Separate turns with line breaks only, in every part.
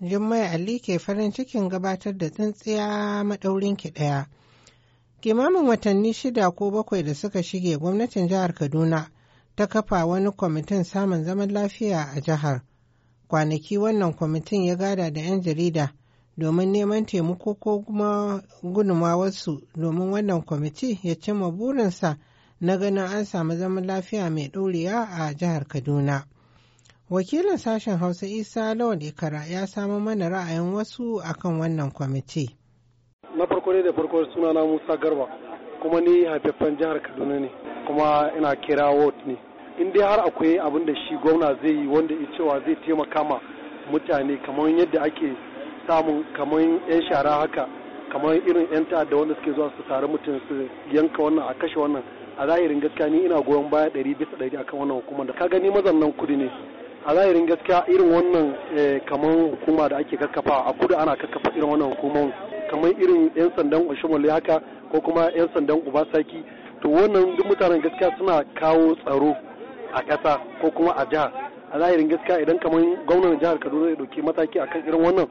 Jummai Ali ke farin cikin gabatar da tsintsiya maɗaurin ki ɗaya. Kimamin watanni shida ko bakwai da suka shige gwamnatin jihar Kaduna ta kafa wani kwamitin samun zaman lafiya a jihar. Kwanaki wannan kwamitin ya gada da 'yan jarida domin neman taimako ko kuma wasu domin wannan kwamiti ya cimma burinsa na ganin an samu zaman lafiya mai ɗorewa a jihar Kaduna. Wakilin sashen Hausa Isa Lawan Ikara ya samu mana ra'ayin wasu akan wannan kwamiti.
Na farko ne da farko suna na Musa Garba kuma ni haifaffen jihar Kaduna ne kuma ina kira ward ne. In dai har akwai abin da shi gwamna zai yi wanda ya cewa zai taimaka ma mutane kamar yadda ake samun kamar 'yan shara haka kamar irin 'yan ta'adda wanda suke zuwa su tare mutum su yanka wannan a kashe wannan a zahirin gaskiya ni ina goyon baya ɗari bisa ɗari akan wannan hukumar da ka gani nan kudi ne a zahirin gaskiya irin wannan eh, kamar hukuma da ake kakkafa a kudu ana kakkafa irin wannan hukumar kamar irin yan sandan oshimole haka ko kuma yan sandan ubasaki to wannan duk mutanen gaskiya suna kawo tsaro a ƙasa ko kuma a jihar a zahirin gaskiya idan kamar gwamnan jihar kaduna ya ɗauki mataki akan irin wannan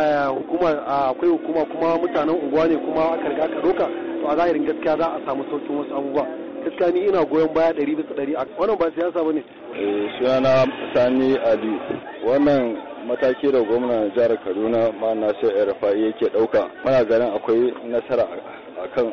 eh, hukuma akwai hukuma kuma mutanen unguwa ne kuma aka riga aka doka to a zahirin gaskiya za a samu sauƙin wasu abubuwa gaskiya ni ina goyon baya ɗari bisa ɗari wannan ba siyasa ba ne. Eh, sunana sani ali wannan mataki da gwamnan jihar kaduna ma nasir erfa'i yake ɗauka mana ganin akwai nasara a kan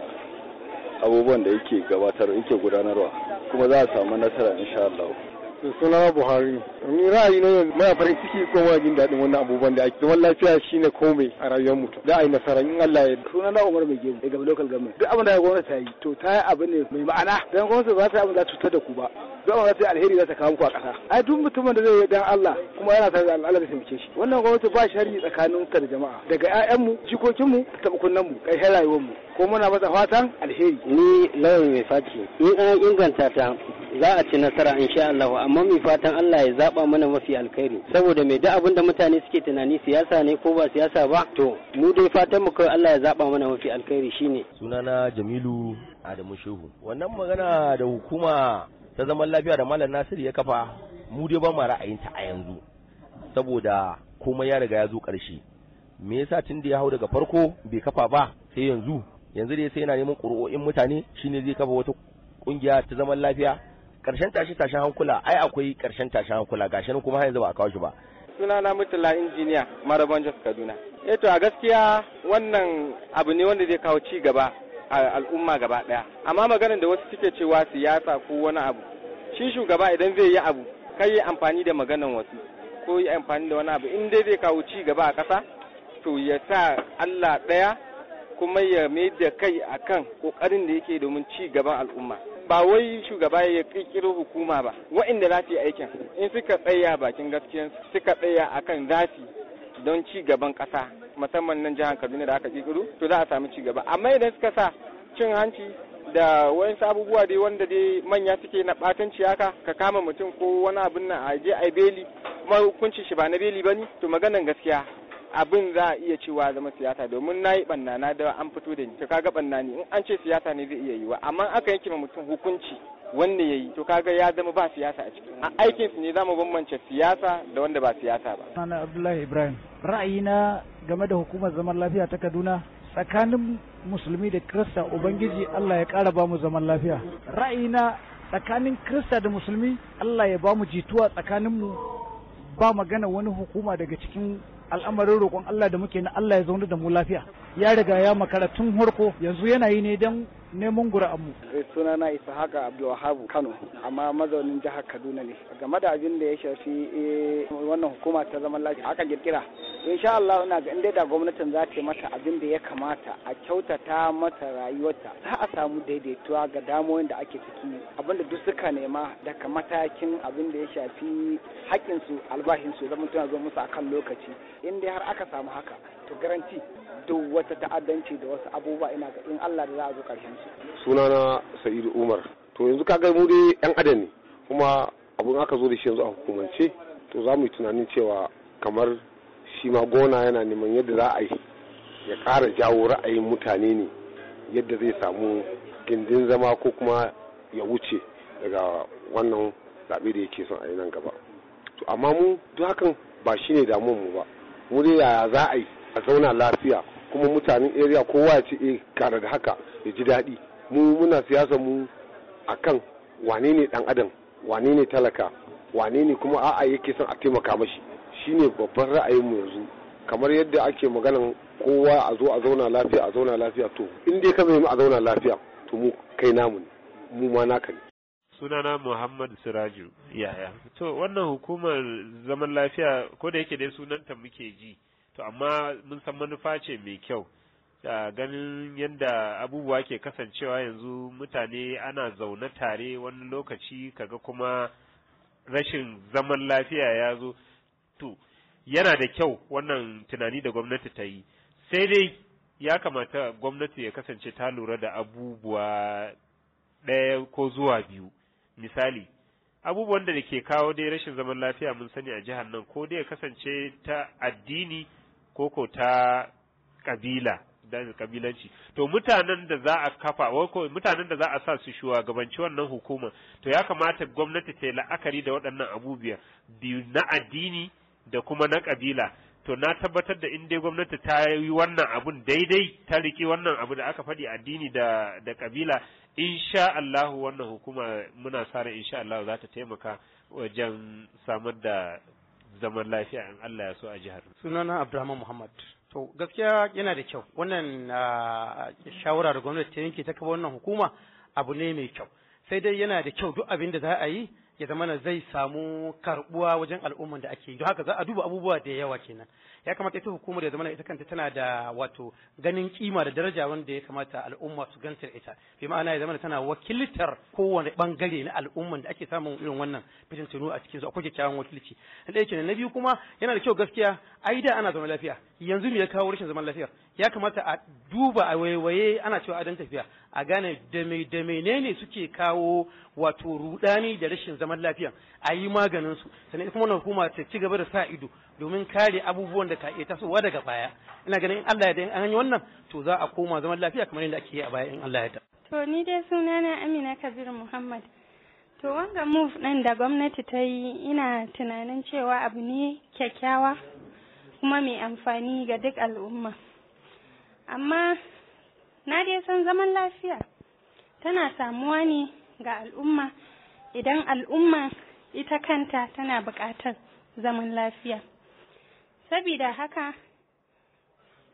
abubuwan da yake gabatar yake gudanarwa kuma za a samu nasara insha Allah. to suna buhari ni ra'ayi na mai farin ciki ko muna jin daɗin wannan abubuwan da ake zaman lafiya shine komai a rayuwar mu da a yi nasara in Allah ya suna na Umar Bege daga local government duk abin da gwamnati ta yi to ta yi abu ne mai ma'ana dan gwamnati ba ta yi abin da cutar da ku ba don za ta yi alheri za ta kawo ku a ƙasa ai duk mutumin da zai yi dan Allah kuma yana tare da Allah da taimake shi wannan gwamnati ba shari'i tsakanin ta da jama'a daga ƴaƴanmu jikokinmu tabakunnan mu kai rayuwar mu ko muna masa fatan alheri ni lawan mai faci in an inganta ta za a ci nasara sha Allah amma mai fatan Allah ya zaba mana mafi alkhairi saboda mai duk abin da mutane suke tunani siyasa ne ko ba siyasa ba to mu dai fatan mu kai Allah ya zaba mana mafi alkhairi shine sunana Jamilu Adamu Shehu wannan magana da hukuma ta zaman lafiya da Malam Nasiru ya kafa mu dai ba mu ra'ayinta a yanzu saboda komai ya riga ya zo ƙarshe me yasa tun da ya hau daga farko bai kafa ba sai yanzu yanzu dai sai yana neman ƙuri'o'in mutane shine zai kafa wata ƙungiya ta zaman lafiya karshen tashi tashin hankula ai akwai karshen tashin hankula gashi kuma har yanzu ba a kawo shi ba suna na mutula injiniya marabon jos kaduna eh a gaskiya wannan abu ne wanda zai kawo ci gaba a al'umma gaba daya amma maganar da wasu suke cewa siyasa ko wani abu shi shugaba idan zai yi abu kai yi amfani da maganan wasu ko yi amfani da wani abu in dai zai kawo ci gaba a ƙasa to ya sa Allah ɗaya kuma ya mai da kai akan kokarin da yake domin ci gaban al'umma ba wai shugaba ya kirkiro hukuma ba wa'inda za su yi aikin in suka tsaya bakin gaskiya suka tsaya akan zafi don ci gaban ƙasa musamman nan jihar kaduna da aka kirkiro to za a samu ci gaba amma idan suka sa cin hanci da wani abubuwa dai wanda dai manya suke na ɓatanci haka ka kama mutum ko wani abin nan a je a beli kuma hukuncin shi ba na beli ba ne to maganan gaskiya abin za a iya cewa zama siyasa domin na yi banna na da an fito da ni to kaga banna ne in an ce siyasa ne zai iya yiwa amma aka yanke ma mutum hukunci wanda ya yi to kaga ya zama ba siyasa a ciki a aikin su ne za mu bambance siyasa da wanda ba siyasa ba sunana Abdullahi Ibrahim ra'ayina game da hukumar zaman lafiya ta Kaduna tsakanin musulmi da Kirista ubangiji Allah ya ƙara ba mu zaman lafiya ra'ayina tsakanin Kirista da musulmi Allah ya ba mu jituwa tsakaninmu ba magana wani hukuma daga cikin al'amarin roƙon Allah da muke na Allah ya zauna da mu lafiya ya riga ya makara tun harko yanzu yana yi ne don neman gura'anmu. suna na isa haka abdulwahabu kano amma mazaunin jihar kaduna ne game da abin da ya shafi eh, wannan hukuma ta zaman lafiya girgira. kirkira sha Allah ina ga inda da gwamnatin za ta mata abin da ya kamata a kyautata mata rayuwarta za a samu daidaituwa ga damoyin da ake ciki abin da duk suka nema daga matakin abin da ya shafi haƙƙinsu albashinsu zama tana zo musu akan lokaci in dai har aka samu haka to garanti duk wata ta'addanci da wasu abubuwa ina ga in Allah da za a zo karshen su
sunana Sa'idu Umar to yanzu kaga mu dai yan adam ne kuma abun aka zo da shi yanzu a hukumance to za mu yi tunanin cewa kamar shi ma gona yana neman yadda za a yi
ya ƙara jawo
ra'ayin mutane ne yadda zai samu gindin zama ko kuma ya wuce daga wannan zaɓe da yake son a yi nan gaba to amma mu duk hakan ba shine damun mu ba mu dai yaya za a yi a zauna lafiya kuma mutanen area kowa ya ce eh kara da haka ya ji daɗi mu muna siyasa mu akan wane ne dan adam wane ne talaka wane ne kuma a'a yake son a taimaka mashi shine babban mu yanzu kamar yadda ake maganan kowa a zo a zauna lafiya a zauna lafiya to in dai ka mu a zauna lafiya to mu kai namu ne mu ma naka ne sunana Muhammad Siraju yaya to wannan hukumar zaman lafiya ko da yake dai sunanta muke ji to amma mun san manufa ce mai kyau ganin yadda abubuwa ke kasancewa yanzu mutane ana zaune tare wani lokaci kaga kuma rashin zaman lafiya ya zo to yana da kyau wannan tunani da gwamnati ta yi sai dai ya kamata gwamnati ya kasance ta lura da abubuwa ɗaya ko zuwa biyu misali abubuwan da ke kawo dai rashin zaman lafiya mun sani a jihar nan ko dai ya kasance ta addini koko ta kabila da kabilanci to mutanen da za a kafa ko mutanen da za a sa su shugabanci wannan hukuma to ya kamata gwamnati ta yi la'akari da waɗannan abubuwa biyu na addini da kuma na kabila to na tabbatar da in dai gwamnati ta yi wannan abun daidai ta riki wannan abu da aka faɗi addini da da kabila insha Allah wannan hukuma muna sa ran insha Allah za ta taimaka wajen samar da zaman lafiya in Allah ya so a jihar.
Sunana Abdulrahman Muhammad. To gaskiya yana da kyau wannan ah, shawara da gwamnati ta yanke ta kafa wannan hukuma abu ne mai kyau. Sai dai yana da kyau duk abin da za a yi ya zamana zai samu karbuwa wajen al'umman da ake yi don haka za a duba abubuwa da yawa kenan ya kamata ita hukumar ya zamana ita kanta tana da wato ganin kima da daraja wanda ya kamata al'umma su ganta ita bi ma'ana ya zamana tana wakiltar kowane bangare na al'umman da ake samun irin wannan fitintunu a cikin su akwai kyakkyawan wakilci na ɗaya kenan na biyu kuma yana da kyau gaskiya ai da ana zaman lafiya yanzu me ya kawo rashin zaman lafiya ya kamata a duba a waiwaye ana cewa adon tafiya a gane da mai da menene suke kawo wato rudani da rashin zaman lafiya a yi maganin su sannan kuma wannan hukuma ta ci gaba da sa ido domin kare abubuwan da ka iya tasowa daga baya ina ganin in Allah ya da an yi wannan to za a koma zaman lafiya kamar yadda ake yi a baya in Allah ya da
to ni dai sunana Amina Kabir Muhammad to wanga move ɗin da gwamnati ta yi ina tunanin cewa abu ne kyakkyawa kuma mai amfani ga duk al'umma amma na dai san zaman lafiya tana samuwa ne ga al'umma idan al'umma ita kanta tana buƙatar zaman lafiya sabida haka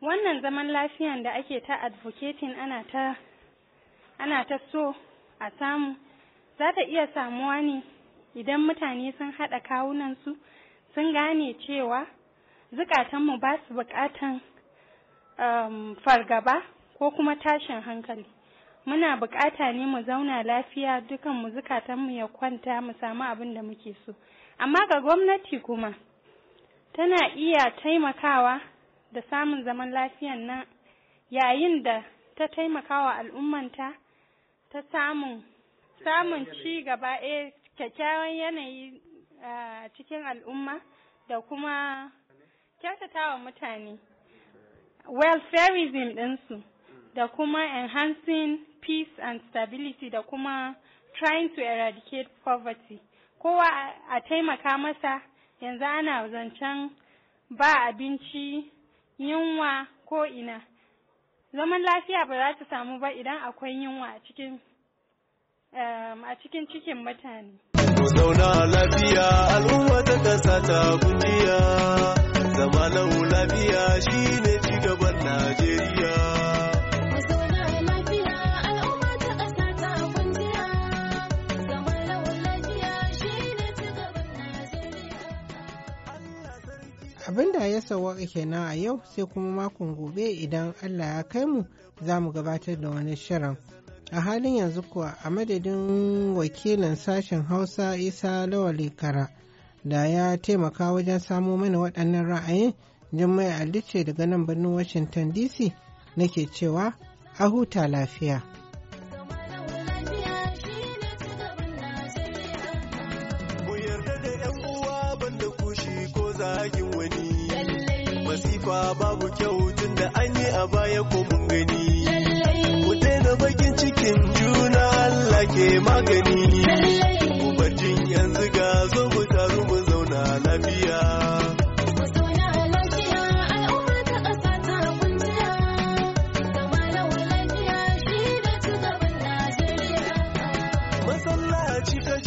wannan zaman lafiyan da ake ta advocating ana ta ana ta so a samu za ta iya samuwa ne idan mutane sun haɗa kawunansu sun gane cewa zukatanmu ba su buƙatan Um, fargaba ko kuma tashin hankali muna bukata ne mu zauna lafiya dukan mu zukatanmu ya kwanta mu samu abin da muke so amma ga gwamnati kuma tana iya taimakawa da samun zaman lafiyan nan yayin da ta taimakawa al'ummanta ta samun samun ci gaba e kyakkyawan yanayi a ah, cikin al'umma da kuma kyautatawa mutane welfareism ɗinsu da kuma enhancing peace and stability da kuma trying to eradicate poverty kowa a taimaka masa yanzu ana zancen ba abinci yunwa ko ina zaman lafiya ba za ta samu ba idan akwai yunwa a cikin um, a cikin cikin mutane
zauna lafiya al'umma ta kasa ta kujiya zama lafiya shine gaban Najeriya.
abin da ya sawaka kenan a yau sai kuma makon gobe idan Allah ya kai mu za mu gabatar da wani shirin. A halin yanzu kuwa a madadin wakilin sashen Hausa Isa Lawal Kara da ya taimaka wajen samo mana waɗannan ra'ayin Jummai Ali ce daga nan birnin Washington DC nake cewa a huta lafiya.
Masifa babu kyau tun da an yi a baya ko mun gani. Ku da bakin cikin juna Allah ke magani. 记得。